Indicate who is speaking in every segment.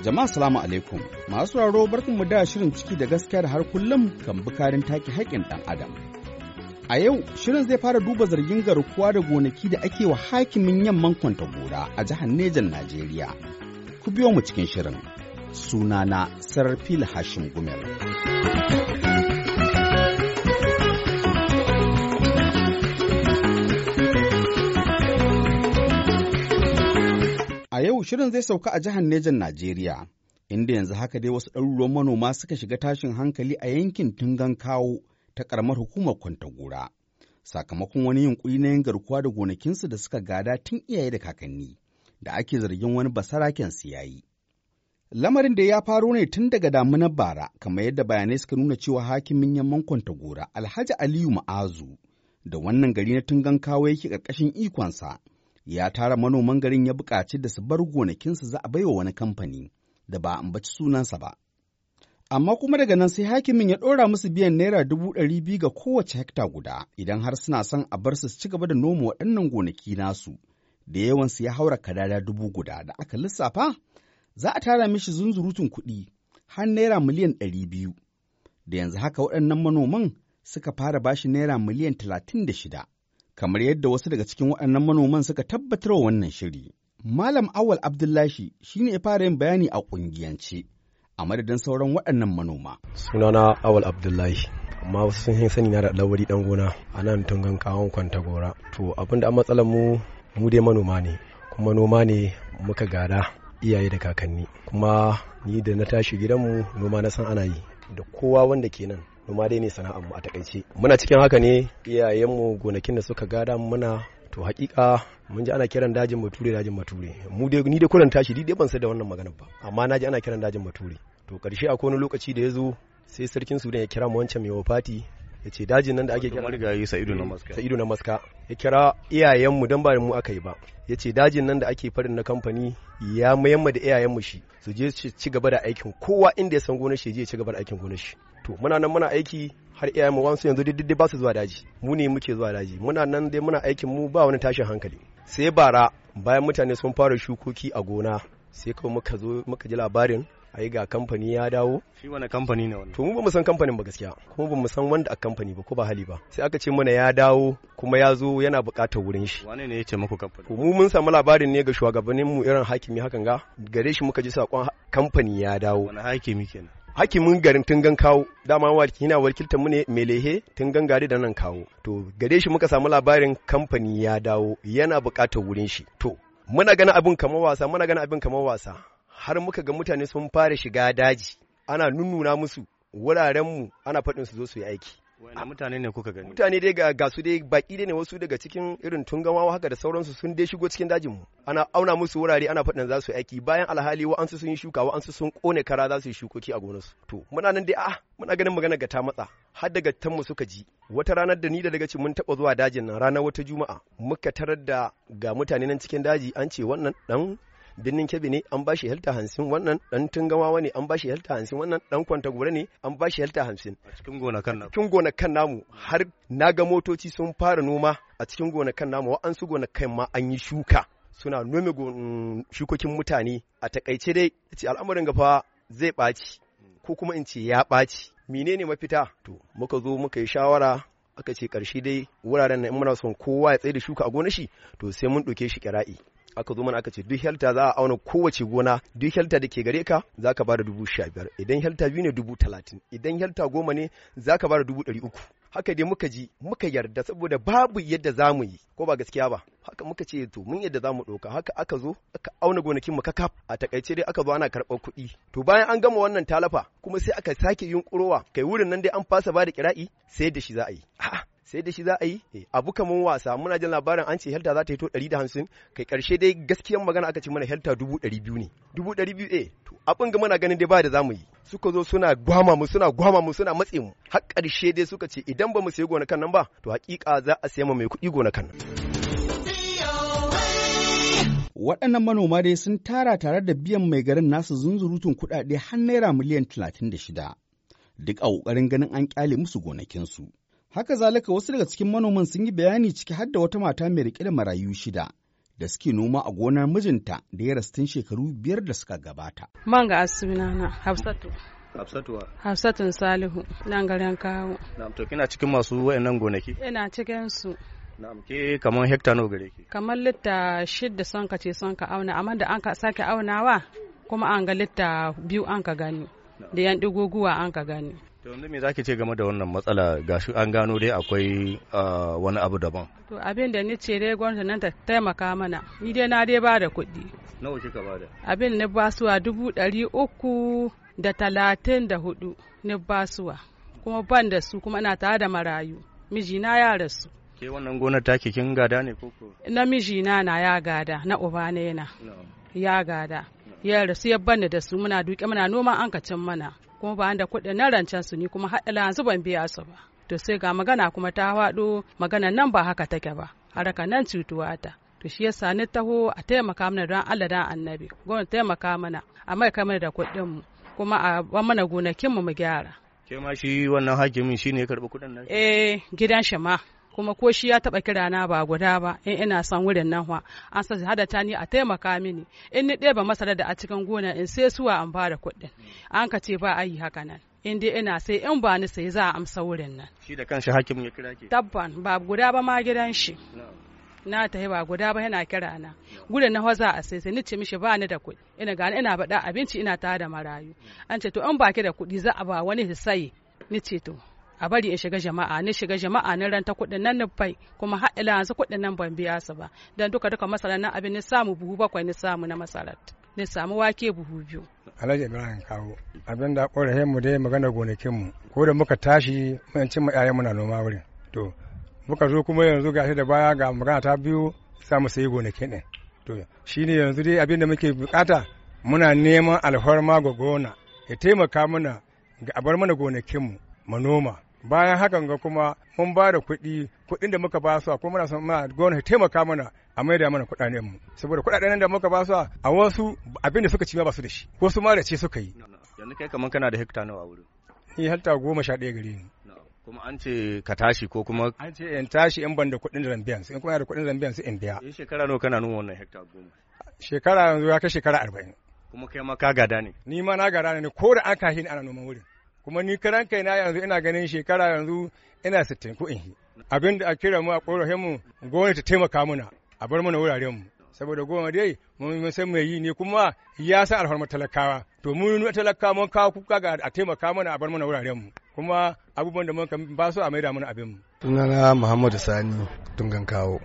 Speaker 1: Jama'a salamu alaikum masu raro barkanmu da shirin ciki da gaskiya da har kullum kan bukarin take haƙƙin ɗan adam. A yau shirin zai fara duba zargin garkuwa da gonaki da ake wa hakimin yamman kwanta gora a jihar Nejan Najeriya. Ku biyo mu cikin shirin. Sunana Sarfil Hashim Gumel. shirin zai sauka a jihar Nejan Najeriya, inda yanzu haka dai wasu ɗaruruwan manoma suka shiga tashin hankali a yankin Tungan Kawo ta ƙaramar hukumar kwanta-gora Sakamakon wani yunƙuri na yin garkuwa da gonakinsu da suka gada tun iyaye da kakanni, da ake zargin wani basaraken su yayi. Lamarin da ya faro ne tun daga damunar bara, kamar yadda bayanai suka nuna cewa hakimin yamman gora Alhaji Aliyu Ma'azu, da wannan gari na Tungan Kawo yake ƙarƙashin ikonsa. ya tara manoman garin ya buƙaci da su bar gonakinsu za a baiwa wani kamfani da ba a ambaci sunansa ba. Amma kuma daga nan sai hakimin ya ɗora musu biyan naira dubu ɗari biyu ga kowace hekta guda idan har suna son a bar su ci gaba da noma waɗannan gonaki nasu da yawansu ya haura kadada dubu guda da aka lissafa za a tara mishi zunzurutun kuɗi har naira miliyan ɗari biyu da yanzu haka waɗannan manoman suka fara bashi naira miliyan talatin da shida. kamar yadda wasu daga cikin waɗannan manoman suka tabbatar wa wannan shiri. Malam Awal Abdullahi shi ne ya fara yin bayani a ƙungiyance a madadin sauran waɗannan manoma. Sunana Awal
Speaker 2: Abdullahi, amma wasu sun sani na da lawari ɗan gona a nan tungan kawon kwanta gora. To abinda an matsalar mu mu dai manoma ne, kuma noma ne muka gada iyaye da kakanni. Kuma ni da na tashi gidanmu noma na san ana yi da kowa wanda ke nan noma dai ne sana'ar mu a takaice muna cikin haka ne iyayenmu gonakin da suka gada muna to hakika mun ji ana kiran dajin bature dajin bature mu dai ni dai kuran tashi dai ban sai da wannan maganar ba amma naji ana kiran dajin bature to karshe akwai wani lokaci da ya zo sai sarkin sudan ya kira mu wancan mai wafati ya ce dajin nan da ake kira
Speaker 3: marigayi sa'idu na maska sa'idu
Speaker 2: na maska ya kira iyayenmu don ba mu aka yi ba ya ce dajin nan da ake farin na kamfani ya mayamma da iyayenmu shi su je su ci gaba da aikin kowa inda ya san gonar shi je ya ci gaba da aikin gonar shi to muna nan muna aiki har iyayenmu wasu yanzu duk ba su zuwa daji mu ne muke zuwa daji muna nan dai muna aikin mu ba wani tashin hankali sai bara bayan mutane sun fara shukoki a gona sai kawai muka zo muka ji labarin ai ga kamfani ya dawo shi wani kamfani ne wannan to mu ba mu san kamfanin ba gaskiya kuma ba mu san wanda a kamfani ba ko ba hali ba sai aka ce mana ya dawo kuma ya zo yana buƙatar wurin shi
Speaker 3: wane ne ya ce muku kamfani
Speaker 2: mu mun samu labarin ne ga shugabannin mu irin hakimi hakan ga gare shi muka ji sakon kamfani ya dawo wani hakimi kenan hakimin garin tungan kawo dama yana wakiltar mu ne melehe tungan gari da nan kawo to gare shi muka samu labarin kamfani ya dawo yana buƙatar wurin shi to muna gana abin kamar wasa muna gana abin kamar wasa har muka ga mutane sun fara shiga daji ana nunnuna musu wurarenmu ana faɗin su zo su yi aiki
Speaker 3: wani mutane ne kuka gani
Speaker 2: mutane dai ga, su dai baki dai ne wasu daga cikin irin tungamawa haka da sauransu sun dai shigo cikin dajin mu ana auna musu wurare ana faɗin za su aiki bayan alhali wa'ansu sun yi shuka wa'ansu sun kone kara za su yi shukoki a gonarsu to muna nan dai a ah, muna ganin magana ga ta matsa har daga tan mu suka ji wata ranar da ni da daga ci mun taba zuwa dajin nan ranar wata juma'a muka tarar da ga mutane nan cikin daji an ce wannan dan birnin kebe ne an bashi helta hamsin wannan dan tungamawa ne an bashi helta hamsin wannan dan kwanta gobe ne an bashi helta hamsin a cikin gonakan namu cikin gonakan namu har na ga motoci sun fara noma a cikin gonakan namu wa'ansu gonakan ma an yi shuka suna nome mm, shukokin mutane a takaice dai ce al'amarin gafa zai ɓaci ko kuma in ce ya ɓaci menene mafita to muka zo muka yi shawara aka ce ƙarshe dai wuraren na in muna son kowa ya tsaye da shuka a gona shi to sai mun ɗauke shi kira'i aka zo mana aka ce duk helta za a auna kowace gona duk helta da ke gare ka za ka bada dubu sha biyar idan helta biyu ne dubu talatin idan helta goma ne za ka bada dubu ɗari uku haka dai muka ji muka yarda saboda babu yadda za mu yi ko ba gaskiya ba haka muka ce to mun yadda za mu ɗauka haka aka zo aka auna gonakin mu kakaf a takaice dai aka zo ana karɓar kuɗi to bayan an gama wannan talafa kuma sai aka sake yunkurowa kai wurin nan dai an fasa ba da kira'i sai da shi za a yi sai da shi za a yi eh. abu kaman wasa muna jin labarin an ce helta za ta yi to 150 kai karshe dai gaskiyan magana aka ce mana helta 200 ne 200 eh to abin ga muna ganin dai ba da zamu yi suka zo suna gwama mu suna gwama mu suna matse mu har karshe dai suka ce idan ba mu sayi gonakan nan ba to hakika za a sayi mai kuɗi gonakan nan
Speaker 1: waɗannan manoma dai sun tara tare da biyan mai garin nasu zunzurutun kuɗaɗe har naira miliyan shida, duk a ƙoƙarin ganin an ƙyale musu gonakinsu. Haka zalika wasu daga cikin manoman sun yi bayani ciki har da wata mata mai riƙe da marayu shida da suke noma a gonar mijinta da ya rasu tun shekaru biyar da suka
Speaker 4: gabata. Man ga asuna na Hafsatu. Hafsatuwa. Hafsatun Salihu nan garin kawo.
Speaker 3: Na'am to kina cikin masu wayannan gonaki?
Speaker 4: Ina cikin su.
Speaker 3: Na'am ke kamar hekta nawa gare ki?
Speaker 4: Kamar litta shidda son ka ce son ka auna amma da an ka sake aunawa kuma an ga litta biyu an ka gani. Da yan digoguwa an ka gani.
Speaker 3: To wanda me zaki ce game da wannan matsala gashi an gano dai akwai ah, wani abu daban.
Speaker 4: To abin da ni ce dai gwamnati nan ta taimaka mana. Ni dai na dai ba da kuɗi. Nawa kika ba da? Abin ni suwa dubu ɗari uku da talatin da hudu ni suwa. Kuma ban da su kuma ina tare da marayu. Mijina ya rasu.
Speaker 3: Ke wannan gonar take kin gada ne koko?
Speaker 4: Na mijina na ya gada na uba ne na. Ya gada. Ya rasu ya ban da su muna duke muna noma an ka mana. kuma ba da kuɗin na rancen su ni kuma haɗala yanzu ban biya su ba to sai ga magana kuma ta faɗo magana nan ba haka take ba haraka nan cutuwa ta to shi yasa ni taho a taimaka mana don Allah da annabi gwamnati taimaka mana a mai kamar da kuɗin mu kuma a ba mana gonakin mu mu gyara
Speaker 3: ke ma shi wannan hakimin shine ya karɓi kuɗin nan
Speaker 4: eh gidan shi ma kuma ko shi ya taba kira na ba guda ba in ina san wurin nan wa an sa hada ta ni a taimaka mini in ni ɗeba masara da a cikin gona in sai suwa an ba da kuɗin an ka ce ba a yi haka nan in dai ina sai in ba ni sai za a amsa wurin nan
Speaker 3: shi da kanshi hakimin ya kira ke
Speaker 4: tabban ba guda ba ma gidan shi na ta ba guda ba yana kira na gudun na hoza a sai sai ni ce mishi ba ni da kuɗi ina gani ina faɗa abinci ina tare da marayu an ce to in baki da kuɗi za a ba wani sai ni ce to a bari in shiga jama'a ni shiga jama'a ni ranta kuɗin nan nufai kuma haɗila yanzu kuɗin nan ban biya su ba dan duka duka masara nan abin ni samu buhu bakwai ni samu na masarar ni samu wake buhu biyu alhaji ibrahim kawo
Speaker 5: abin da ƙorafe mu dai magana gonakin mu ko da muka tashi mun cin mu ƴaƴan muna noma wurin to muka zo kuma yanzu gashi da baya ga magana ta biyu za mu sayi gonakin ɗin to shine yanzu dai abin da muke bukata muna neman alfarma ga gona ya taimaka mana ga abar mana mu manoma bayan hakan ga kuma mun ba da kuɗi kuɗin da muka ba su kuma muna son muna ta taimaka mana a da mana kuɗaɗen mu saboda kuɗaɗen da muka ba su a wasu abin da suka ci ba su da shi wasu ma da ce suka yi
Speaker 3: yanzu kai kamar kana da hekta nawa a wurin
Speaker 5: ni hekta goma sha ɗaya
Speaker 3: gare ni kuma an ce ka tashi ko kuma
Speaker 5: an ce in tashi in ban da kuɗin zambiyan in kuma da kuɗin zambiyan su in biya in eh, shekara nawa kana nuna wannan hekta goma shekara yanzu ya kai shekara arba'in kuma kai ma ka gada ne ni ma na gada ne ko da aka kahin ana noman wurin kuma ni karan kaina yanzu ina ganin shekara yanzu ina sittin ko in abin da a kira mu a korafin mu gona ta taimaka muna a bar mana wuraren mu saboda goma dai mun san mai yi ne kuma ya sa alfarmar talakawa to mun talakawa mun kawo kuka ga a taimaka mana a bar mana wuraren mu kuma abubuwan da muka ba su a maida mana abin
Speaker 6: sunana muhammadu sani tungan kawo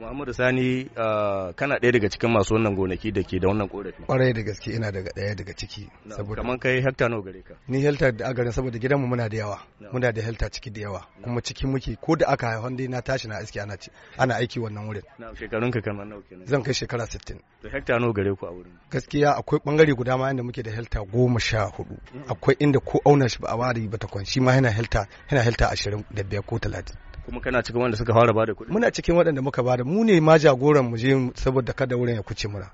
Speaker 3: muhammadu sani ah, kana ɗaya daga cikin masu wannan gonaki da ke da wannan korafi
Speaker 6: ƙwarai da gaske ina daga ɗaya daga ciki saboda kamar
Speaker 3: kai hekta nawa gare ka
Speaker 6: ni hekta da garin saboda gidanmu muna da yawa muna da hekta ciki da yawa kuma ciki muke ko da aka haifan dai na tashi na aiki ana ana aiki wannan wurin
Speaker 3: shekarun ka kamar nawa kenan zan kai shekara 60 to hekta nawa gare ku a wurin
Speaker 6: gaskiya akwai bangare guda ma inda muke da hekta goma sha hudu mm. akwai inda ko auna shi ba a wari ba ta kwanci shi ma yana helta yana helta 25 ko 30
Speaker 3: kuma kana cikin wanda suka fara bada kuɗi
Speaker 6: muna cikin waɗanda muka bada mu ne ma jagoran mu je saboda kada wurin ya kuce mura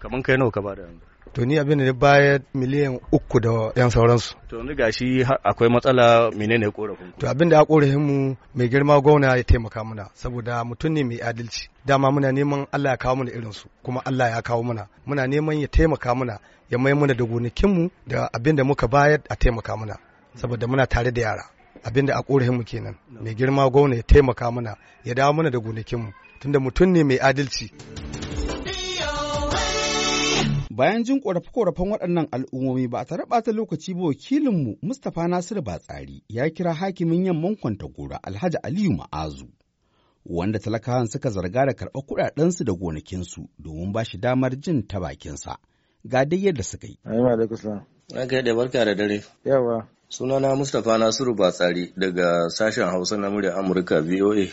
Speaker 3: kaman kai nawa ka bada
Speaker 6: to ni abin da ya baya miliyan uku da yan sauransu
Speaker 3: to ni gashi akwai matsala menene korafin
Speaker 6: to abin da ya korafin mu mai girma gwamna ya taimaka muna saboda mutum ne mai adalci dama muna neman Allah ya kawo mana irin su kuma Allah ya kawo mana muna neman ya taimaka muna ya mai mana da gonakin mu da abin da muka bayar a taimaka muna saboda muna tare da yara abinda a korahin mu kenan mai girma gwamna ya taimaka mana ya dawo mana da gonakinmu tunda mutum ne mai adalci
Speaker 1: bayan jin ƙorafe korafen waɗannan al'ummomi ba a tare ɓata lokaci ba wakilinmu mustapha nasir batsari ya kira hakimin yamman kwantagora alhaji aliyu ma'azu wanda talakawan suka zarga da karɓar kuɗaɗensu da gonakinsu domin ba shi damar jin ta bakinsa ga dai yadda
Speaker 5: suka yi. Ayyuma da kusa.
Speaker 3: kai da barka da dare. Yawa. sunana mustapha nasiru batsari daga sashen hausa na murya amurka voa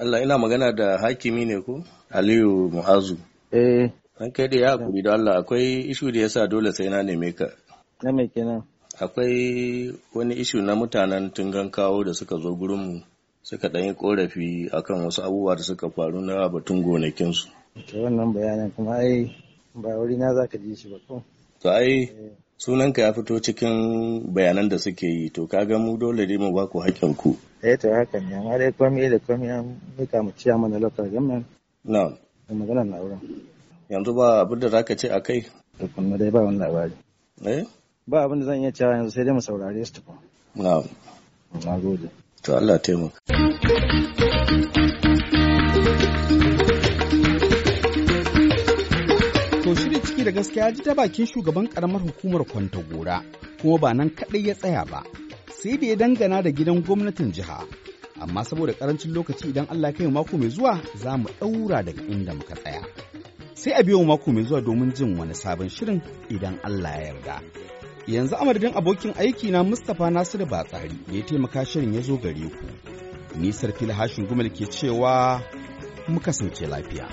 Speaker 3: Allah ina magana da hakimi ne ko aliyu mu'azu eh an kai da ya kuri da Allah akwai ishu da yasa dole sai na neme ka na me kenan akwai wani ishu na mutanen tungan kawo da suka zo gurinmu mu suka dan yi korafi akan wasu abubuwa da suka faru na batun gonakin su
Speaker 6: wannan bayanin kuma ai ba wuri na zaka ji shi ba ko
Speaker 3: to ai eh. sunanka ya fito cikin bayanan da suke yi to kaga mu dole ne mu ba ku haƙƙin ku
Speaker 6: eh to haka ne amma dai komai da komai an mika mu ciya mana local
Speaker 3: government na da magana na wurin yanzu ba abin da zaka ce akai to kuma dai ba wani labari eh ba abin da zan iya cewa yanzu sai dai mu saurare su na na gode to Allah taimaka
Speaker 1: gaskiya ji ta bakin shugaban karamar hukumar kwanta gora kuma ba nan kaɗai ya tsaya ba sai da ya dangana da gidan gwamnatin jiha amma saboda karancin lokaci idan Allah kai mako mai zuwa za mu ɗaura daga inda muka tsaya sai a biyo mako mai zuwa domin jin wani sabon shirin idan Allah ya yarda yanzu a madadin abokin aiki na Mustapha Nasiru Batsari da ya taimaka shirin ya zo gare ku ni fili Hashin Gumal ke cewa muka sauke lafiya.